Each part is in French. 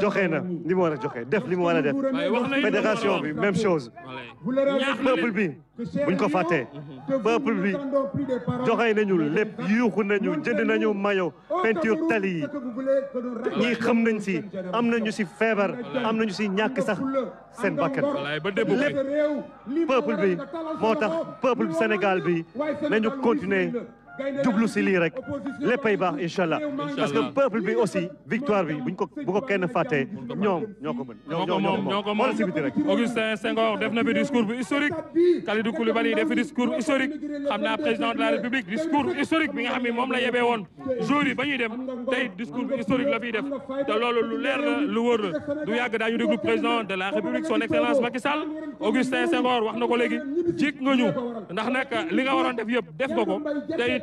joxe na li mu a joxe def li mu war a def fédération bi même chose peuple bi buñ ko fàttee peuple bi joxe nañu lépp yuuxu nañu jënd nañu mayo peinture tali yi ñii xam nañ si am nañu si feebar am nañu si ñàkk sax seen bakkan lépp peuple bi moo tax peuple Sénégal bi nañu continuer jublu si lii rek léppay baax incha allah parce que peuple bi aussi victoire bi buñ ko bu ko kenn faté ñom ñoko ko mën. ñoo ko moom ñoo ko moom rek. Augustin Senghor def na bi discours bu historique Kalidou Koulibaly def discours historique xamna président de la république discours historique bi nga xamni mom la yebee won jour yi bañuy dem tay discours historique la fi def te lolu lu leer la lu wóor la du yàgg daañu déglu président de la république son excellence Macky Sall Augustin Senghor wax na ko léegi jik nga ñu ndax nak li nga waroon def yëpp def nga ko tey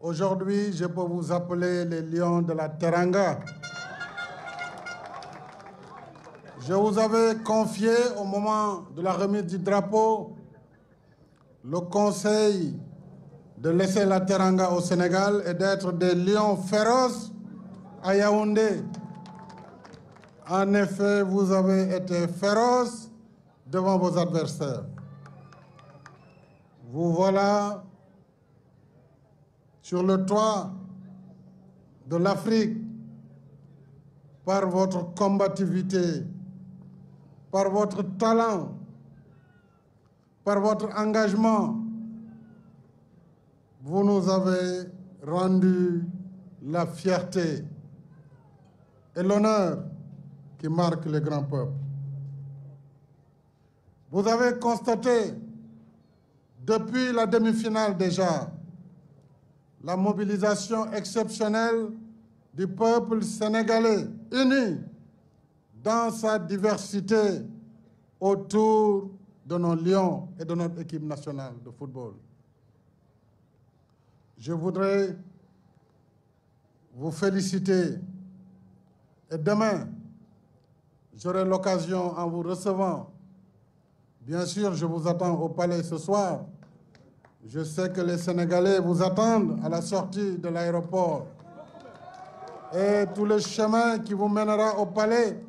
Aujourd'hui, je peux vous appeler les lions de la Teranga. Je vous avais confié au moment de la remise du drapeau le conseil de laisser la Teranga au Sénégal et d'être des lions féroces à Yaoundé. En effet, vous avez été féroces devant vos adversaires. Vous voilà sur le toit de l'Afrique par votre combativité, par votre talent, par votre engagement. Vous nous avez rendu la fierté et l'honneur qui marque les grands peuples. Vous avez constaté depuis la demi-finale déjà la mobilisation exceptionnelle du peuple sénégalais uni dans sa diversité autour de nos Lions et de notre équipe nationale de football. Je voudrais vous féliciter et demain, j'aurai l'occasion en vous recevant. Bien sûr, je vous attends au palais ce soir je sais que les Sénégalais vous attendent à la sortie de l'aéroport. Et tout le chemin qui vous mènera au palais,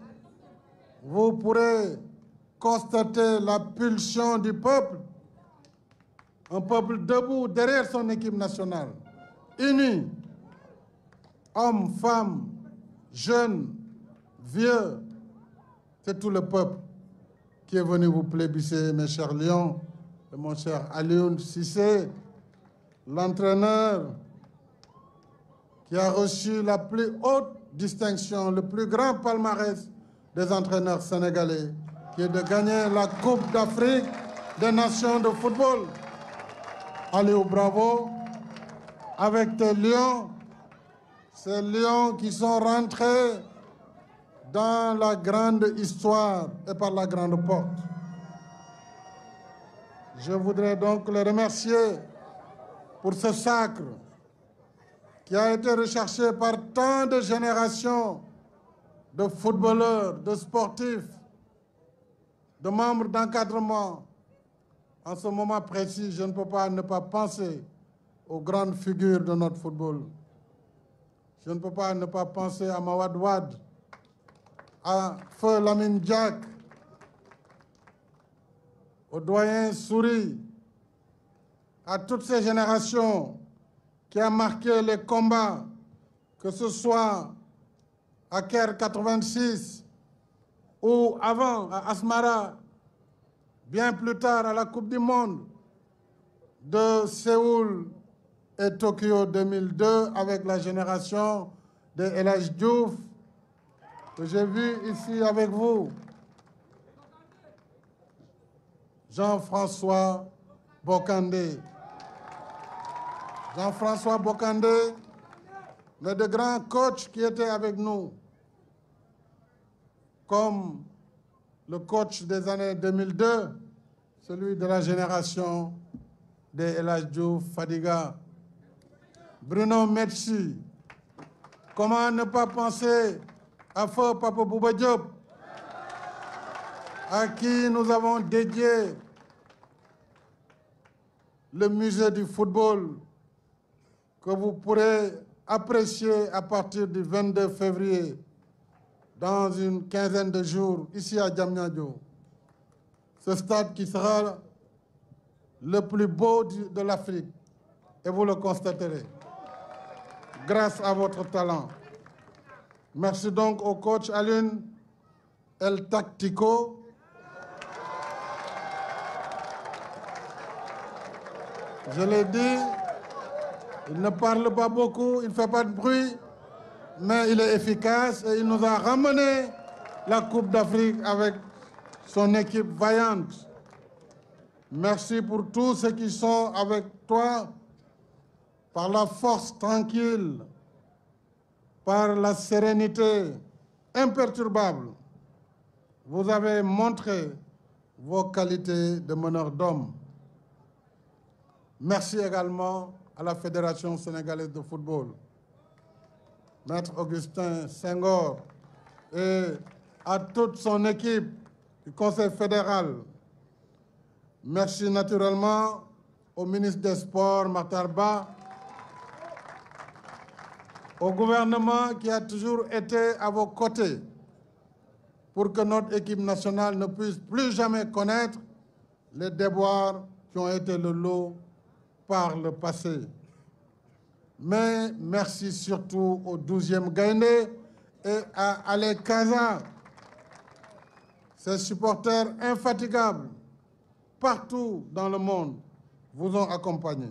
vous pourrez constater la pulsion du peuple. Un peuple debout derrière son équipe nationale, uni, hommes, femmes, jeunes, vieux. C'est tout le peuple qui est venu vous plébisser, mes chers lions mon cher Alioun Sissé, l'entraîneur qui a reçu la plus haute distinction, le plus grand palmarès des entraîneurs sénégalais, qui est de gagner la Coupe d'Afrique des nations de football. Alioun, bravo. Avec tes lions, ces lions qui sont rentrés dans la grande histoire et par la grande porte. Je voudrais donc le remercier pour ce sacre qui a été recherché par tant de générations de footballeurs, de sportifs, de membres d'encadrement. En ce moment précis, je ne peux pas ne pas penser aux grandes figures de notre football. Je ne peux pas ne pas penser à Mawad à Feu Lamine Jack, au doyen Souris, à toutes ces générations qui ont marqué les combats, que ce soit à Caire 86 ou avant à Asmara, bien plus tard à la Coupe du Monde de Séoul et Tokyo 2002 avec la génération de LH Diouf que j'ai vu ici avec vous. Jean-François Bocandé. Jean-François Bocandé, le des grands coachs qui était avec nous, comme le coach des années 2002, celui de la génération des Eladio Fadiga. Bruno Merci, comment ne pas penser à feu Papa Bouba Diop à qui nous avons dédié le musée du football que vous pourrez apprécier à partir du 22 février dans une quinzaine de jours ici à Djamnyadjo. Ce stade qui sera le plus beau de l'Afrique et vous le constaterez grâce à votre talent. Merci donc au coach Alun El Tactico Je l'ai dit, il ne parle pas beaucoup, il ne fait pas de bruit, mais il est efficace et il nous a ramené la Coupe d'Afrique avec son équipe vaillante. Merci pour tous ceux qui sont avec toi, par la force tranquille, par la sérénité imperturbable. Vous avez montré vos qualités de meneur d'homme. Merci également à la Fédération sénégalaise de football, Maître Augustin Senghor et à toute son équipe du Conseil fédéral. Merci naturellement au ministre des Sports, Matarba, au gouvernement qui a toujours été à vos côtés pour que notre équipe nationale ne puisse plus jamais connaître les déboires qui ont été le lot par le passé. Mais merci surtout au 12e Gainé et à Alec Kaza, ses supporters infatigables partout dans le monde vous ont accompagné.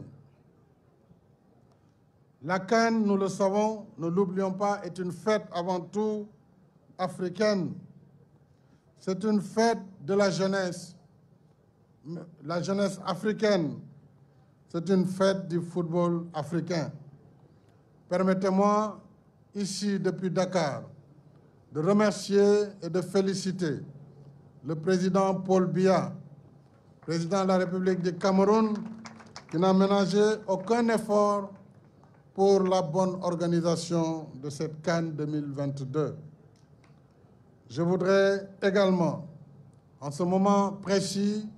La Cannes, nous le savons, ne l'oublions pas, est une fête avant tout africaine. C'est une fête de la jeunesse, la jeunesse africaine, c'est une fête du football africain. Permettez-moi, ici depuis Dakar, de remercier et de féliciter le président Paul Biya, président de la République du Cameroun, qui n'a ménagé aucun effort pour la bonne organisation de cette Cannes 2022. Je voudrais également, en ce moment précis,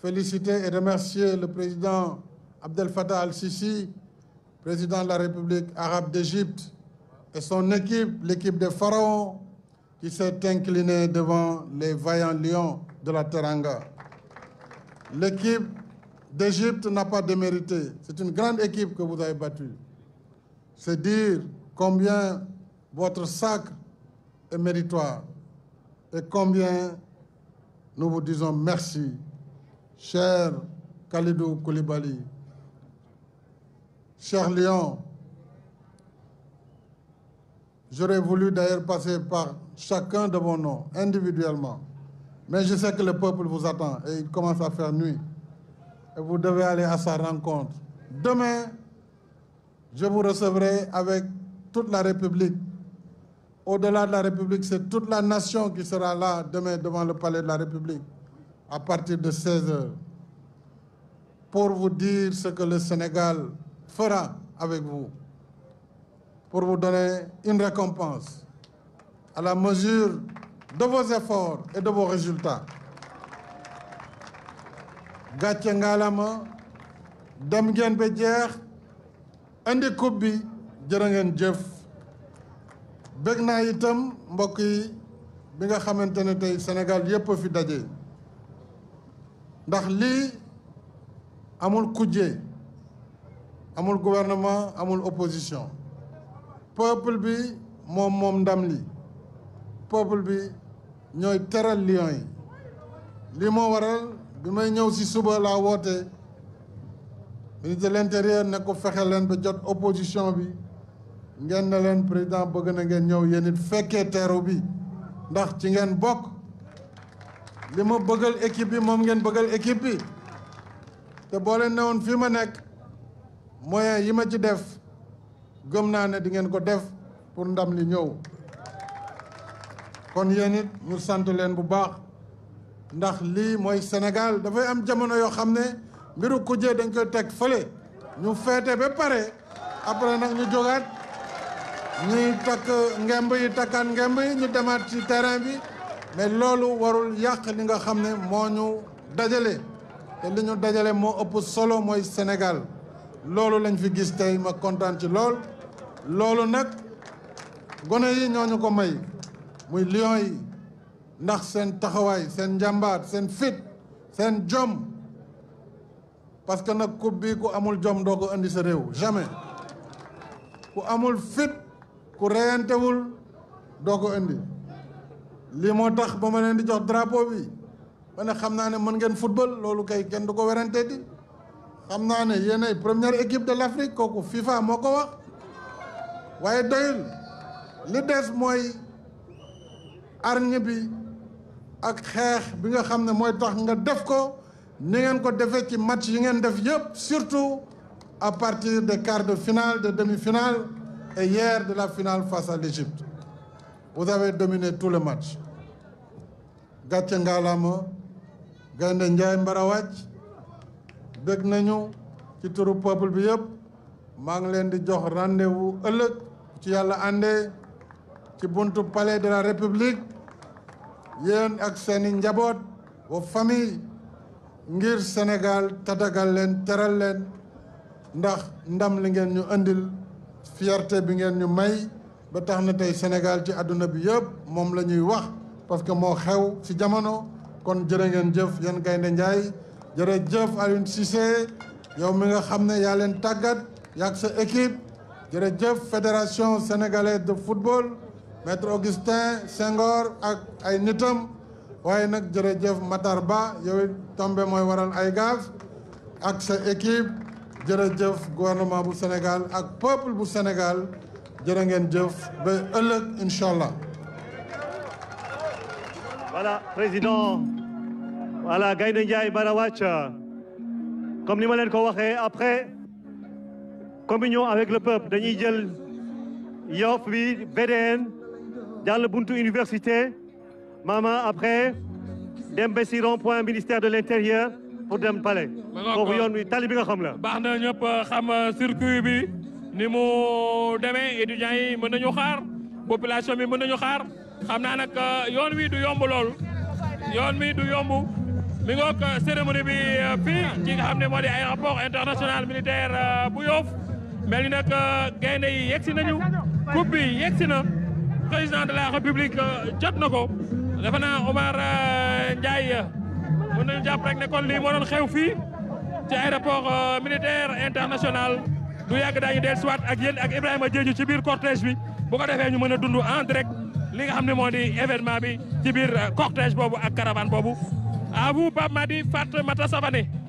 féliciter et remercier le président Abdel Fattah al-Sisi, président de la République arabe d'Égypte, et son équipe, l'équipe des pharaons, qui s'est inclinée devant les vaillants lions de la Teranga. L'équipe d'Égypte n'a pas démérité. C'est une grande équipe que vous avez battue. C'est dire combien votre sacre est méritoire et combien nous vous disons merci cher Khalidou Koulibaly, cher Lyon, j'aurais voulu d'ailleurs passer par chacun de vos noms individuellement, mais je sais que le peuple vous attend et il commence à faire nuit. Et vous devez aller à sa rencontre. Demain, je vous recevrai avec toute la République. Au-delà de la République, c'est toute la nation qui sera là demain devant le palais de la République à partir de 16h pour vous dire ce que le Sénégal fera avec vous, pour vous donner une récompense à la mesure de vos efforts et de vos résultats. Gatien Galama, Damgen Bedier, ba jeex indi coupe bi itam Sénégal yépp ndax lii amul kujje amul gouvernement amul opposition peuple bi mon mom ndam li peuple bi ñoy téral lion li mo waral bi may ci suba la woté ministre de l'intérieur ne ko fexe leen ba jot opposition bi ngeen ne président bëgg na ngeen ñëw yéen it bi ndax ci ngén bokk li ma bëggal équipe bi ekipi ngeen bëggal équipe bi te boo leen ne woon fii ma nekk moyen yi ma ci def gëm na ne di ngeen ko def pour ndam li ñëw kon yéen it ñu sant leen bu baax ndax lii mooy Sénégal dafay am jamono yo xam ne mbiru kujje dañ koy teg fële ñu feete ba pare après nag ñu jógaat ñuy takk ngemb yi takkaat ngemb yi ñu demaat ci terrain bi mais loolu warul yàq li nga xam ne moo ñu dajale te li ñu dajale moo ëpp solo mooy Sénégal loolu lañ fi gis tey ma kontaan ci lool loolu nag gone yi ñooñu ko may muy lion yi ndax seen taxawaay seen njàmbaar seen fit seen jom parce que nag coupe bi ku amul jom doo ko indi sa réew jamais ku amul fit ku reyantewul doo ko indi lii moo tax ba di drapeau bi football kay kenn du ko di première équipe de l'Afrique FIFA moo ko wax waaye doyul li des mooy que bi ak xeex bi nga xam ne tax nga def ko ngeen ko match surtout à partir des quarts de finale de demi-finale et hier de la finale face à l'Égypte vous avez dominé tous les matchs. Gatien ngaalama gaynde njaay mbarawàcc bëgg nañu ci peuple bi rendez-vous palais de la république Yen, ak seeni vos familles, ngir Sénégal Tadagalen, leen teral ndax ndam li Mai. fierté ba tax na tey Sénégal ci àdduna bi yëpp moom la ñuy wax parce que moo xew ci jamono kon jërë ngeen jëf yéen Gaynde Njaay jëf Aliou Cissé yow mi nga xam ne yaa leen tàggat yaag sa équipe jëf fédération sénégalaise de football maître Augustin Senghor ak ay nitam waaye nag jërëjëf Matar Ba yow tombe mooy waral ay gas ak sa équipe jërëjëf gouvernement bu Sénégal ak peuple bu Sénégal voilà président voilà Gaynde Ndiaye comme nous ma après communion avec le peuple dañuy jël Yoff bi dans le buntu université Maman, après dem point ministère de l'intérieur pour dem palais. ni mu demee étudiants yi mën nañu xaar population bi mën nañu xaar xam naa nag euh, yoon wi du yomb lool yoon wi du yomb mi ngoog euh, cérémonie bi euh, fii ci nga xam ne moo di aéroport international militaire bu Yoff mel ni nag gaynde yi yegsi nañu coupe bi yegsi na président de la république jot na ko defe naa Omar Ndiaye mën nañu rek ne kon lii moo doon xew fii ci aéroport militaire international du yàgg daañu dellusiwaat ak yéen ak Ibrahima Diédhiou ci biir cortège bi bu ko defee ñu mën a dund en li nga xam ne moo di événement bi ci biir euh, cortège boobu ak caravane boobu à vous Pape Madi Fatoumata Savané